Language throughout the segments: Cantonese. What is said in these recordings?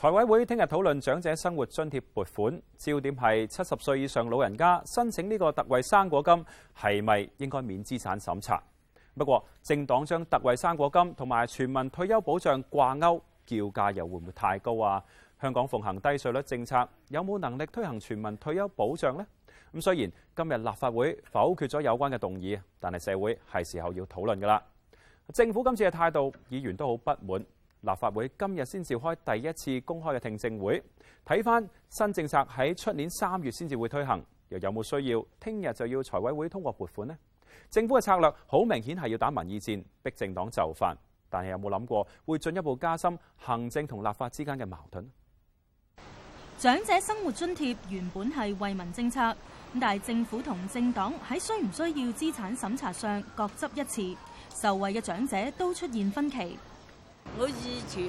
財委會聽日討論長者生活津貼撥款，焦點係七十歲以上老人家申請呢個特惠生果金係咪應該免資產審查？不過政黨將特惠生果金同埋全民退休保障掛鈎，叫價又會唔會太高啊？香港奉行低稅率政策，有冇能力推行全民退休保障呢？咁雖然今日立法會否決咗有關嘅動議，但係社會係時候要討論㗎啦。政府今次嘅態度，議員都好不滿。立法會今日先召開第一次公開嘅聽證會，睇翻新政策喺出年三月先至會推行，又有冇需要？聽日就要財委會通過撥款呢？政府嘅策略好明顯係要打民意戰，逼政黨就範，但係有冇諗過會進一步加深行政同立法之間嘅矛盾？長者生活津貼原本係惠民政策，但係政府同政黨喺需唔需要資產審查上各執一詞，受惠嘅長者都出現分歧。我以前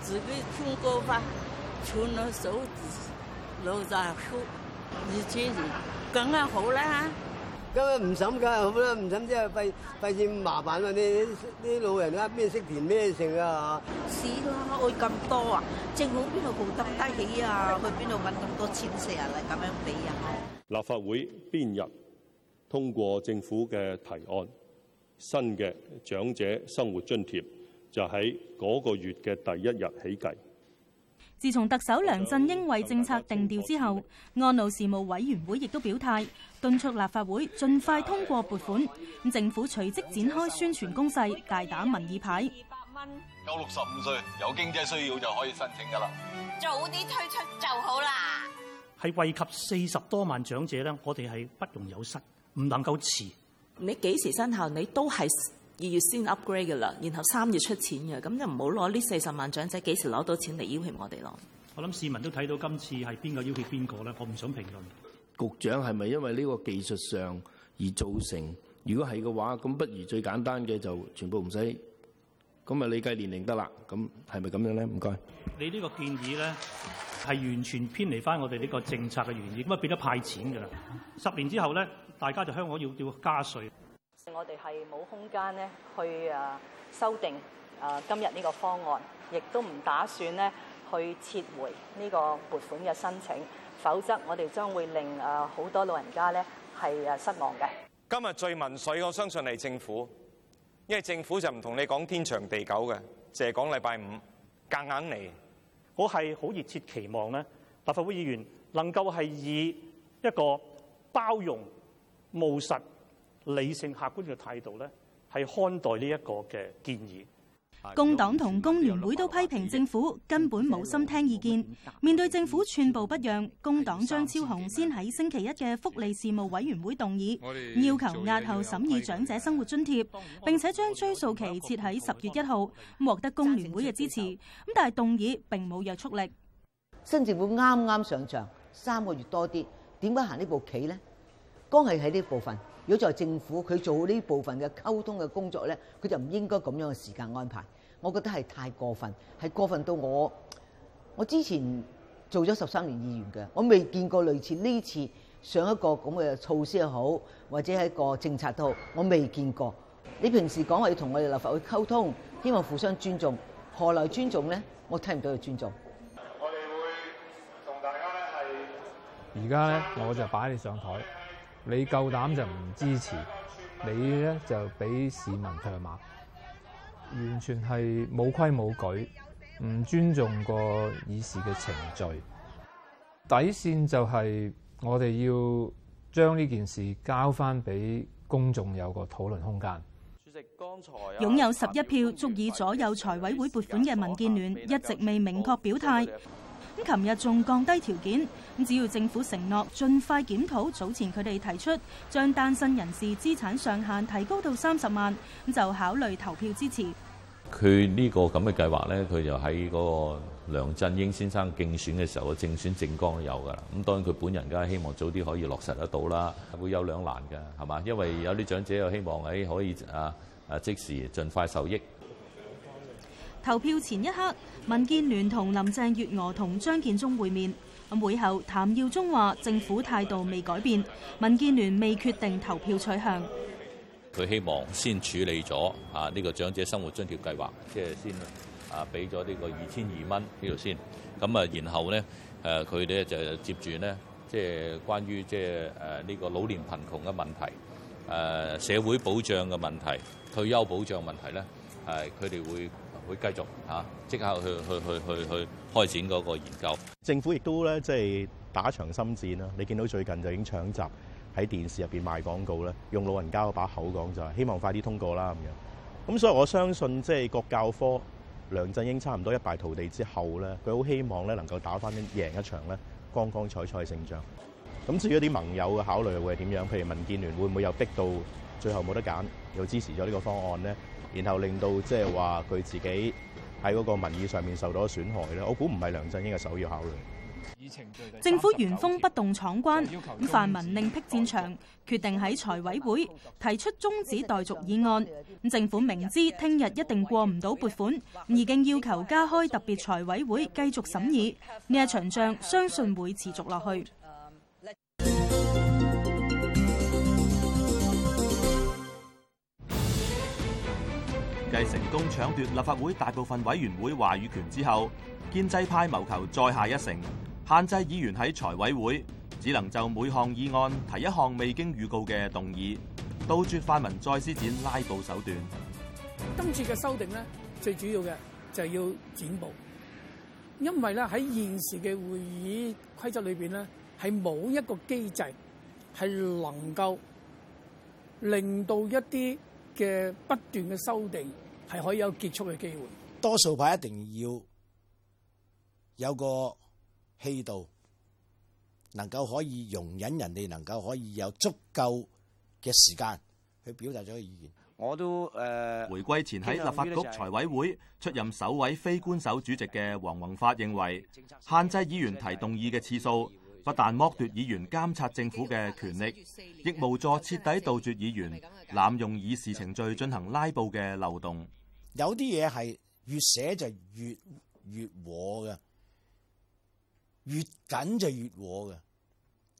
自己穿過翻，穿到手指，手指上都，以前人梗係好啦，梗係唔審梗係好啦，唔審即係費費事麻煩啊，啲啲老人家咩識填咩成啊？屎啊愛咁多啊，政府邊度負擔得起啊？去邊度搵咁多錢成啊，嚟咁樣俾啊？立法會邊日通過政府嘅提案，新嘅長者生活津貼。就喺嗰個月嘅第一日起計。自從特首梁振英為政策定調之後，安老事務委員會亦都表態，敦促立法會盡快通過撥款。政府隨即展開宣傳攻勢，大打民意牌。二百蚊，夠六十五歲，有經濟需要就可以申請㗎啦。早啲推出就好啦。係惠及四十多萬長者呢，我哋係不容有失，唔能夠遲。你幾時生效，你都係。二月先 upgrade 嘅啦，然後三月出錢嘅，咁就唔好攞呢四十萬長者幾時攞到錢嚟要脅我哋咯。我諗市民都睇到今次係邊個要脅邊個咧，我唔想評論。局長係咪因為呢個技術上而造成？如果係嘅話，咁不如最簡單嘅就全部唔使，咁啊你計年齡得啦。咁係咪咁樣咧？唔該。你呢個建議咧係完全偏離翻我哋呢個政策嘅原意，咁啊變咗派錢嘅啦。十年之後咧，大家就香港要叫加稅。我哋係冇空間咧去啊修訂啊今日呢個方案，亦都唔打算咧去撤回呢個撥款嘅申請，否則我哋將會令啊好多老人家咧係啊失望嘅。今日最民粹，我相信係政府，因為政府就唔同你講天長地久嘅，淨係講禮拜五夾硬嚟。我係好熱切期望咧，立法會議員能夠係以一個包容務實。理性、客觀嘅態度咧，係看待呢一個嘅建議。工黨同工聯會都批評政府根本冇心聽意見。面對政府寸步不讓，工黨張超雄先喺星期一嘅福利事務委員會動議，要求押後審議長者生活津貼，並且將追溯期設喺十月一號，獲得工聯會嘅支持。咁但係動議並冇約束力。新政府啱啱上場三個月多啲，點解行呢步棋呢？光係喺呢部分。如果在政府佢做好呢部分嘅溝通嘅工作呢，佢就唔應該咁樣嘅時間安排。我覺得係太過分，係過分到我我之前做咗十三年議員嘅，我未見過類似呢次上一個咁嘅措施又好，或者係一個政策都好，我未見過。你平時講話要同我哋立法會溝通，希望互相尊重，何來尊重呢？我聽唔到嘅尊重。我哋會同大家咧係而家呢，我就擺你上台。你夠膽就唔支持，你咧就俾市民唾罵，完全係冇規冇矩，唔尊重個議事嘅程序。底線就係我哋要將呢件事交翻俾公眾，有個討論空間。主席剛才。擁有十一票足以左右財委會撥款嘅民建聯一直未明確表態。咁琴日仲降低條件，咁只要政府承諾盡快檢討早前佢哋提出將單身人士資產上限提高到三十萬，咁就考慮投票支持。佢呢個咁嘅計劃咧，佢就喺嗰個梁振英先生競選嘅時候嘅競選政綱都有㗎啦。咁當然佢本人梗係希望早啲可以落實得到啦。會有兩難㗎，係嘛？因為有啲長者又希望喺可以啊啊，即時盡快受益。投票前一刻，民建聯同林鄭月娥同張建宗會面。會後，譚耀宗話：政府態度未改變，民建聯未決定投票取向。佢希望先處理咗啊呢個長者生活津貼計劃，即係先啊俾咗呢個二千二蚊呢度先。咁啊，然後咧誒佢哋就接住咧，即係關於即係誒呢個老年貧窮嘅問題，誒社會保障嘅問題、退休保障問題咧，誒佢哋會。會繼續嚇，即刻去去去去去開展嗰個研究。政府亦都咧，即係打場心戰啦。你見到最近就已經搶閘喺電視入邊賣廣告咧，用老人家嗰把口講就係希望快啲通過啦咁樣。咁所以我相信即係國教科梁振英差唔多一敗塗地之後咧，佢好希望咧能夠打返贏一場咧，光光彩彩嘅勝仗。咁至於一啲盟友嘅考慮會係點樣？譬如民建聯會唔會又逼到最後冇得揀，又支持咗呢個方案咧？然後令到即係話佢自己喺嗰個民意上面受到損害咧，我估唔係梁振英嘅首要考慮。政府原封不動闖關，咁泛民另闢戰場，決定喺財委會提出中止待續議案。政府明知聽日一定過唔到撥款，已經要求加開特別財委會繼續審議。呢一場仗相信會持續落去。成功搶奪立法會大部分委員會話語權之後，建制派謀求再下一城，限制議員喺財委會只能就每項議案提一項未經預告嘅動議，杜絕泛民再施展拉布手段。今次嘅修訂呢，最主要嘅就係要剪布，因為咧喺現時嘅會議規則裏邊咧，係冇一個機制係能夠令到一啲嘅不斷嘅修訂。係可以有結束嘅機會。多數派一定要有個氣度，能夠可以容忍人哋，能夠可以有足夠嘅時間去表達咗個意見。我都誒、呃。回歸前喺立法局財委會出任首位非官守主席嘅黃宏發認為，限制議員提動議嘅次數，不但剝奪議員監察政府嘅權力，亦無助徹底杜絕議員濫用議事程序進行拉布嘅漏洞。有啲嘢係越寫就越越和嘅，越緊就越和嘅，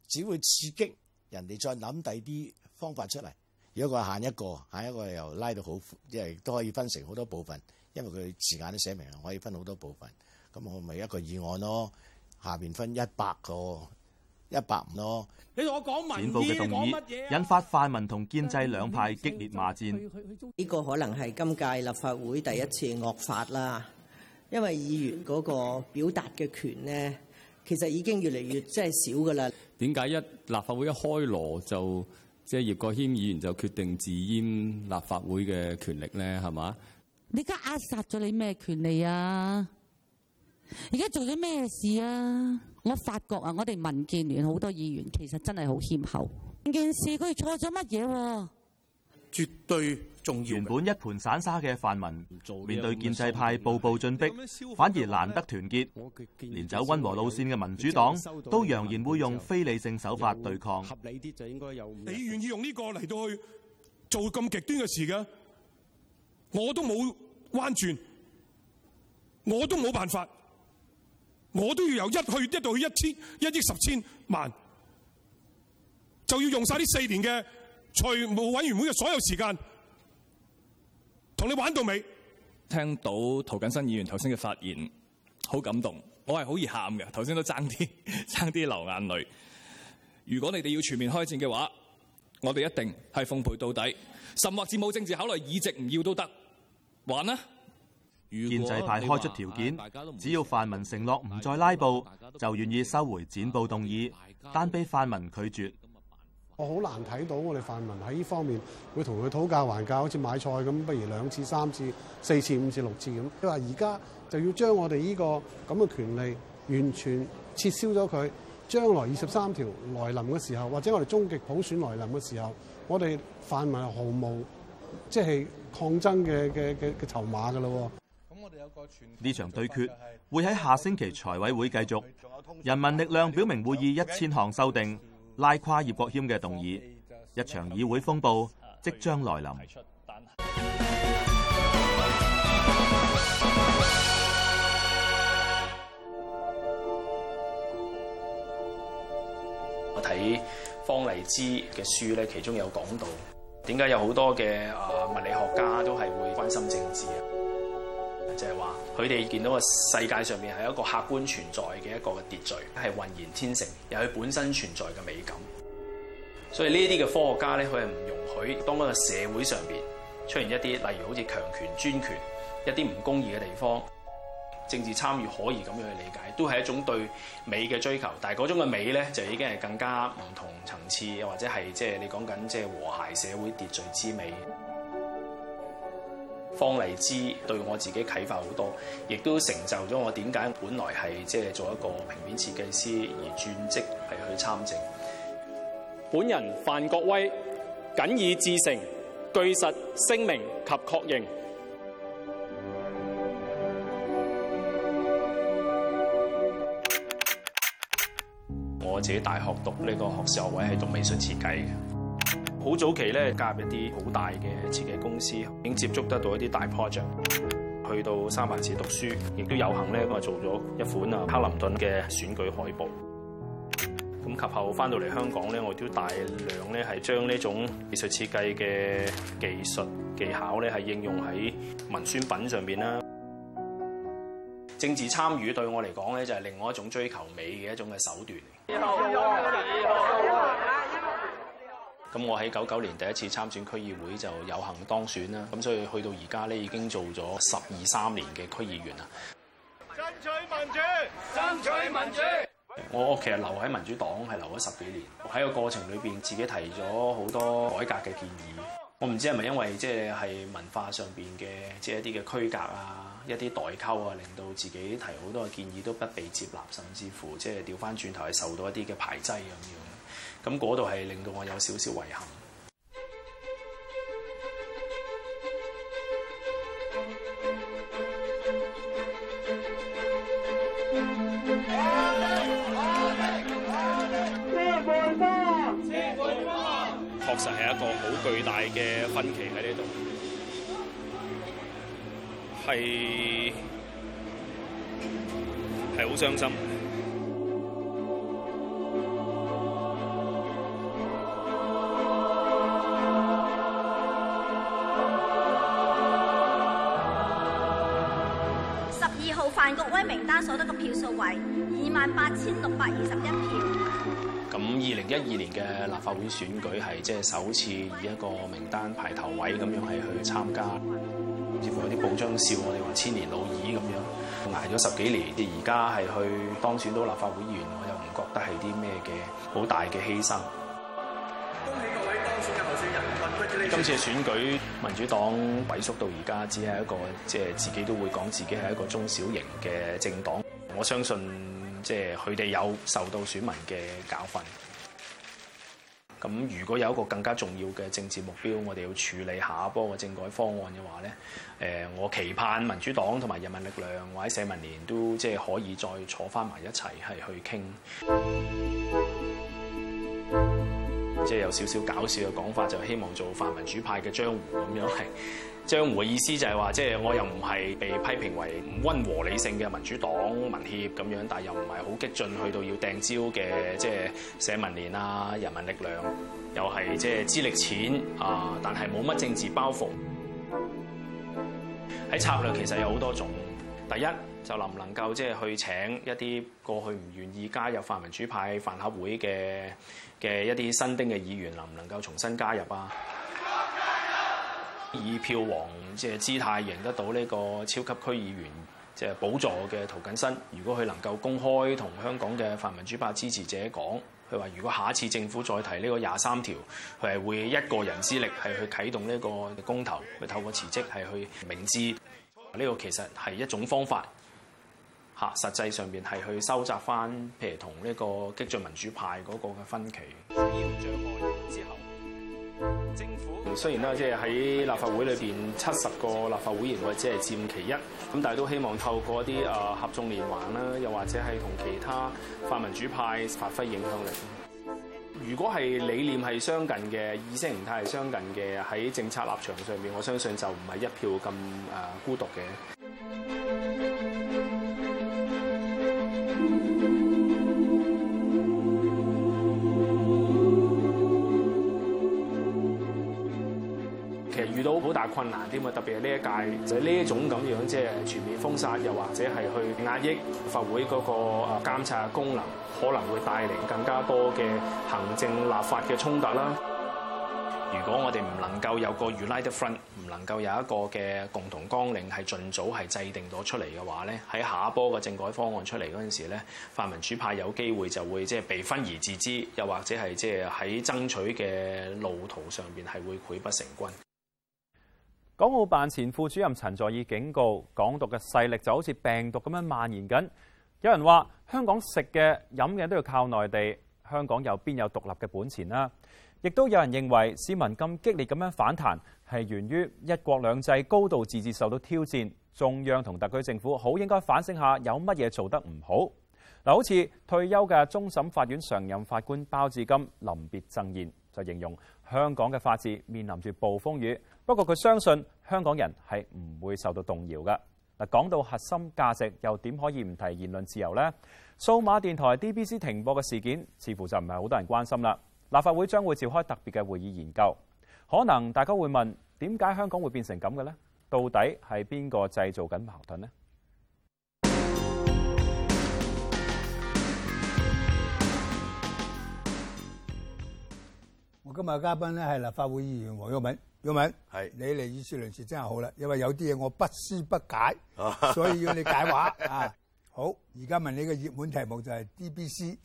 只會刺激人哋再諗第啲方法出嚟。如果佢限一個，限一個又拉到好，即係都可以分成好多部分，因為佢字眼都寫明啦，可以分好多部分。咁我咪一個議案咯，下邊分一百個。一百五咯！錢寶嘅動議引發泛民同建制兩派激烈罵戰。呢個可能係今屆立法會第一次惡法啦，因為議員嗰個表達嘅權呢，其實已經越嚟越即係少噶啦。點解一立法會一開鑼就即係葉國謙議員就決定自閹立法會嘅權力呢？係嘛？你家壓殺咗你咩權利啊？而家做咗咩事啊？我發覺啊，我哋民建聯好多議員其實真係好謙厚。件事佢錯咗乜嘢？絕對重要。原本一盤散沙嘅泛民，面對建制派步步進逼，反而難得團結。連走溫和路線嘅民主黨，都揚言會用非理性手法對抗。合理啲就應該有。你願意用呢個嚟到去做咁極端嘅事噶？我都冇彎轉，我都冇辦法。我都要由一去一度去一千一億十千萬，就要用晒呢四年嘅財務委員會嘅所有時間同你玩到尾。聽到涂謹申議員頭先嘅發言，好感動，我係好易喊嘅。頭先都爭啲爭啲流眼淚。如果你哋要全面開戰嘅話，我哋一定係奉陪到底，甚或至冇政治考慮，議席唔要都得，玩啦！建制派開出條件，只要泛民承諾唔再拉布，就願意收回剪布動議，但被泛民拒絕。我好難睇到我哋泛民喺呢方面會同佢討價還價，好似買菜咁，不如兩次、三次、四次、五次、六次咁。佢話而家就要將我哋呢個咁嘅權利完全撤銷咗佢，將來二十三條來臨嘅時候，或者我哋終極普選來臨嘅時候，我哋泛民毫無即係抗爭嘅嘅嘅嘅籌碼㗎咯。呢場對決會喺下星期財委會繼續。人民力量表明會以一千項修訂拉跨葉國謙嘅動議，一場議會風暴即將來臨。我睇方勵之嘅書咧，其中有講到點解有好多嘅啊物理學家都係會關心政治啊。就係話佢哋見到個世界上面係一個客觀存在嘅一個嘅秩序，係渾然天成，有佢本身存在嘅美感。所以呢一啲嘅科學家咧，佢係唔容許當一個社會上邊出現一啲例如好似強權專權、一啲唔公義嘅地方，政治參與可以咁樣去理解，都係一種對美嘅追求。但係嗰種嘅美咧，就已經係更加唔同層次，又或者係即係你講緊即係和諧社會秩序之美。方麗枝對我自己啟發好多，亦都成就咗我點解本來係即係做一個平面設計師而轉職係去參政。本人范國威謹以至誠據實聲明及確認，我自己大學讀呢個學士學位係讀美術設計嘅。好早期咧，加入一啲好大嘅設計公司，已經接觸得到一啲大 project。去到三藩市讀書，亦都有幸咧咁啊，做咗一款啊克林頓嘅選舉海報。咁及後翻到嚟香港咧，我都大量咧係將呢種技術設計嘅技術技巧咧係應用喺文宣品上邊啦。政治參與對我嚟講咧，就係另外一種追求美嘅一種嘅手段。咁我喺九九年第一次參選區議會就有幸當選啦，咁所以去到而家咧已經做咗十二三年嘅區議員啦。爭取民主，爭取民主。我其實留喺民主黨係留咗十幾年，喺個過程裏邊自己提咗好多改革嘅建議。我唔知係咪因為即係係文化上邊嘅即係一啲嘅區隔啊，一啲代溝啊，令到自己提好多嘅建議都不被接納，甚至乎即係調翻轉頭係受到一啲嘅排擠咁樣。咁嗰度係令到我有少少遺憾。支持，支確實係一個好巨大嘅分歧喺呢度，係係好傷心。萬八千六百二十一票。咁，二零一二年嘅立法會選舉係即係首次以一個名單排頭位咁樣係去參加，似乎有啲報章笑我哋話千年老二咁樣挨咗十幾年，而家係去當選到立法會議員，我又唔覺得係啲咩嘅好大嘅犧牲。恭喜各位當選嘅候選人！今次嘅選舉，民主黨萎縮到而家只係一個，即係自己都會講自己係一個中小型嘅政黨。我相信。即係佢哋有受到選民嘅教訓。咁如果有一個更加重要嘅政治目標，我哋要處理下一波嘅政改方案嘅話咧，誒，我期盼民主黨同埋人民力量，或者社民連都即係可以再坐翻埋一齊係去傾。即係有少少搞笑嘅講法，就希望做泛民主派嘅江湖咁樣嚟。將我嘅意思就係話，即係我又唔係被批評為唔温和理性嘅民主黨民協咁樣，但又唔係好激進去到要掟招嘅，即係社民連啊、人民力量，又係即係資歷淺啊，但係冇乜政治包袱。喺策略其實有好多種，第一就能唔能夠即係、就是、去請一啲過去唔願意加入泛民主派、飯盒會嘅嘅一啲新丁嘅議員，能唔能夠重新加入啊？以票王即係姿態贏得到呢個超級區議員即係、就是、寶座嘅涂謹申，如果佢能夠公開同香港嘅泛民主派支持者講，佢話如果下一次政府再提呢個廿三條，佢係會以一個人之力係去啟動呢個公投，佢透過辭職係去明志呢，這個其實係一種方法，吓實際上邊係去收集翻，譬如同呢個激進民主派個嘅分歧。 雖然咧，即係喺立法會裏邊七十個立法會議員，或者係佔其一，咁但係都希望透過一啲啊合縱連橫啦，又或者係同其他泛民主派發揮影響力。如果係理念係相近嘅，意識形態係相近嘅，喺政策立場上面，我相信就唔係一票咁啊孤獨嘅。都好大困難啲嘛？特別係呢一屆就係呢一種咁樣，即係全面封殺，又或者係去壓抑法會嗰個啊監察功能，可能會帶嚟更加多嘅行政立法嘅衝突啦。如果我哋唔能夠有個 United Front，唔能夠有一個嘅共同綱領，係盡早係制定咗出嚟嘅話咧，喺下一波嘅政改方案出嚟嗰陣時咧，泛民主派有機會就會即係被分而治之，又或者係即係喺爭取嘅路途上邊係會潰不成軍。港澳辦前副主任陳佐洱警告，港獨嘅勢力就好似病毒咁樣蔓延緊。有人話香港食嘅飲嘅都要靠內地，香港又邊有獨立嘅本錢啊？亦都有人認為市民咁激烈咁樣反彈，係源於一國兩制高度自治受到挑戰，中央同特區政府好應該反省下有乜嘢做得唔好。嗱，好似退休嘅終審法院常任法官包致金臨別贈言，就形容香港嘅法治面臨住暴風雨，不過佢相信香港人係唔會受到動搖嘅。嗱，講到核心價值，又點可以唔提言論自由呢？數碼電台 DBC 停播嘅事件，似乎就唔係好多人關心啦。立法會將會召開特別嘅會議研究。可能大家會問，點解香港會變成咁嘅呢？到底係邊個製造緊矛盾呢？」今日嘅嘉賓咧係立法會議員黃毓民。毓民，你嚟議事論事真係好啦，因為有啲嘢我不思不解，所以要你解話啊！ 好，而家問你嘅熱門題目就係 DBC，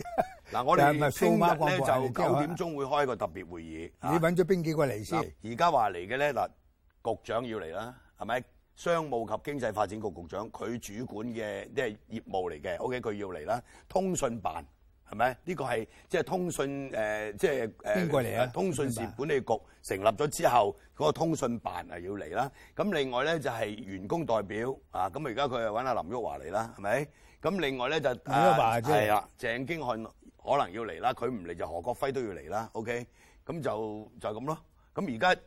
嗱、啊、我哋聽日咧 是不是就九點鐘會開個特別會議，你揾咗邊幾個嚟先？而家話嚟嘅咧嗱，局長要嚟啦，係咪？商務及經濟發展局局長佢主管嘅即係業務嚟嘅，OK 佢要嚟啦，通訊辦。係咪？呢個係即係通訊誒、呃，即係誒、呃，通訊事務管理局成立咗之後，嗰、那個通訊辦啊要嚟啦。咁另外咧就係、是、員工代表啊。咁而家佢又揾阿林旭華嚟啦，係咪？咁另外咧就林旭華即係啊，鄭經翰可能要嚟啦。佢唔嚟就是、何國輝都要嚟啦。OK，咁就就咁、是、咯。咁而家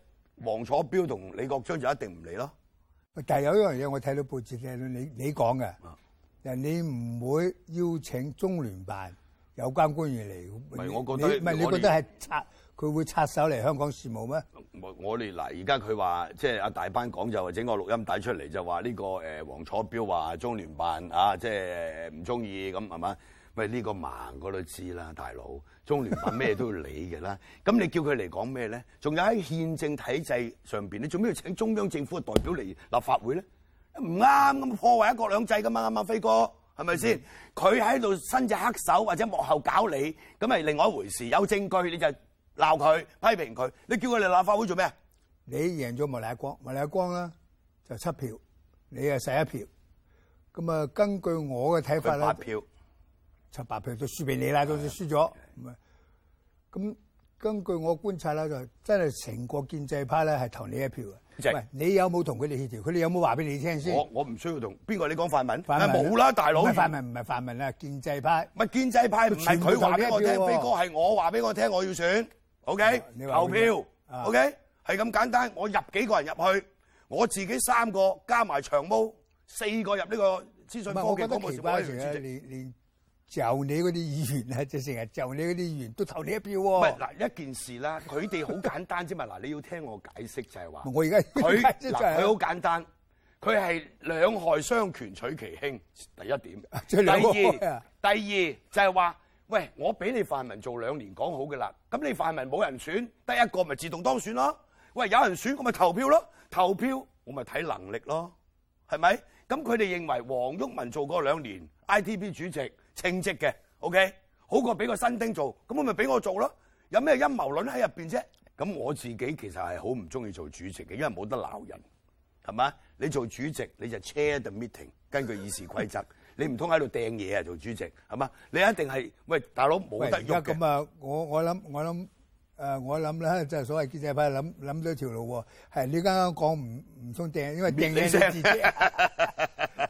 黃楚標同李國章就一定唔嚟咯。但係有一樣嘢，我睇到報紙睇到你你講嘅，啊、就是你唔會邀請中聯辦。有關官員嚟，唔係我覺得，唔係你覺得係插佢會插手嚟香港事務咩？唔係我哋嗱，而家佢話即係阿大班講就話整個錄音帶出嚟就話呢個誒黃楚標話中聯辦啊，即係唔中意咁係嘛？喂，呢個盲我都知啦，大佬，中聯辦咩都要理嘅啦。咁 你叫佢嚟講咩咧？仲有喺憲政體制上邊你做咩要請中央政府嘅代表嚟立法會咧？唔啱咁破壞一國兩制噶嘛？啱唔啱，飛哥？係咪先？佢喺度伸隻黑手或者幕後搞你，咁咪另外一回事。有證據你就鬧佢，批評佢。你叫佢嚟立法會做咩？你贏咗莫乃光，莫乃光咧就七票，你啊十一票。咁啊，根據我嘅睇法咧，七票，七八票都輸俾你啦，都輸咗。咁根據我的觀察咧，就真係成個建制派咧係投你一票嘅。喂，你有冇同佢哋協調？佢哋有冇話俾你聽先？我我唔需要同邊個？你講泛民，啊冇啦，大佬！泛民唔係泛民啊，建制派。咪建制派唔係佢話俾我聽，飛哥，係我話俾我聽，我要選 OK，投票。O K，係咁簡單。我入幾個人入去，我自己三個加埋長毛四個入呢個資訊科技嘅。唔係，覺得你啲就你嗰啲議員啊，就成日就你嗰啲議員都投你一票喎。嗱，一件事啦，佢哋好簡單啫嘛。嗱， 你要聽我解釋就係話，我而家佢佢好簡單，佢係兩害相權取其輕，第一點。第二，第二就係話，喂，我俾你泛民做兩年講好嘅啦，咁你泛民冇人選得一個，咪自動當選咯。喂，有人選，我咪投票咯，投票我咪睇能力咯。係咪咁，佢哋認為黃毓民做過兩年 I T B 主席稱職嘅？OK 好過俾個新丁做咁，我咪俾我做咯。有咩陰謀論喺入邊啫？咁我自己其實係好唔中意做主席嘅，因為冇得鬧人係嘛。你做主席你就 chair the meeting，根據議事規則， 你唔通喺度掟嘢啊？做主席係嘛？你一定係，喂大佬，冇得喐咁啊，我我諗我諗。誒，我諗咧就係、所謂建制派諗諗到一條路喎，你啱啱講唔唔通掟，因為滅你雙子節，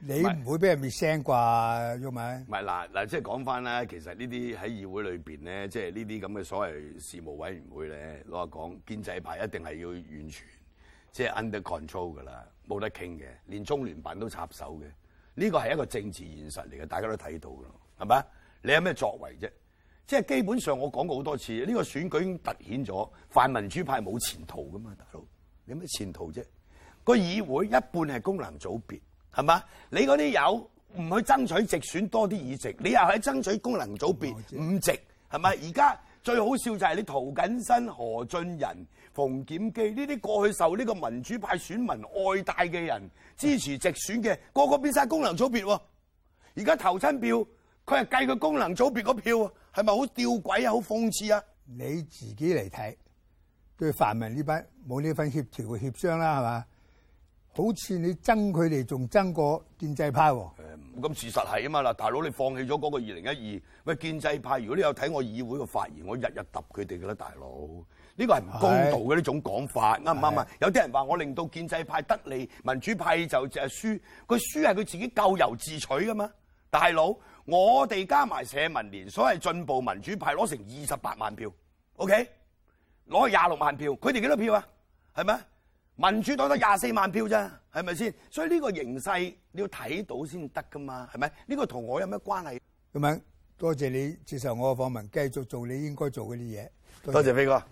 你唔會俾人滅聲啩？喐咪？唔係嗱嗱，即係講翻咧，其實呢啲喺議會裏邊咧，即係呢啲咁嘅所謂事務委員會咧，攞嚟講，建制派一定係要完全即係、就是、under control 噶啦，冇得傾嘅，連中聯辦都插手嘅，呢、呢個係一個政治現實嚟嘅，大家都睇到噶啦，係咪你有咩作為啫？即係基本上我講過好多次，呢、呢個選舉已經突顯咗泛民主派冇前途噶嘛，大佬你咩前途啫？個議會一半係功能組別，係嘛？你嗰啲有唔去爭取直選多啲議席，你又喺爭取功能組別五席，係、嗯、咪？而家最好笑就係你涂謹申、何俊仁、馮檢基呢啲過去受呢個民主派選民愛戴嘅人，支持直選嘅、嗯、個個變晒功能組別喎，而家投親票。佢計個功能組別個票係咪好吊詭啊？好諷刺啊！你自己嚟睇對泛民呢班冇呢份協調嘅協商啦，係嘛？好似你憎佢哋仲憎過建制派喎。咁、欸、事實係啊嘛嗱，大佬你放棄咗嗰個二零一二喂建制派，如果你有睇我議會嘅發言，我日日揼佢哋嘅啦，大佬呢、呢個係唔公道嘅呢種講法啱唔啱啊？有啲人話我令到建制派得利，民主派就淨係輸，佢、嗰個、輸係佢自己咎由自取㗎嘛，大佬。我哋加埋社民連，所謂進步民主派攞成二十八萬票，OK，攞去廿六萬票，佢哋幾多票啊？係咪？民主黨得廿四萬票啫，係咪先？所以呢個形勢你要睇到先得噶嘛，係咪？呢個同我有咩關係？咁樣，多謝你接受我嘅訪問，繼續做你應該做嗰啲嘢。多謝飛哥。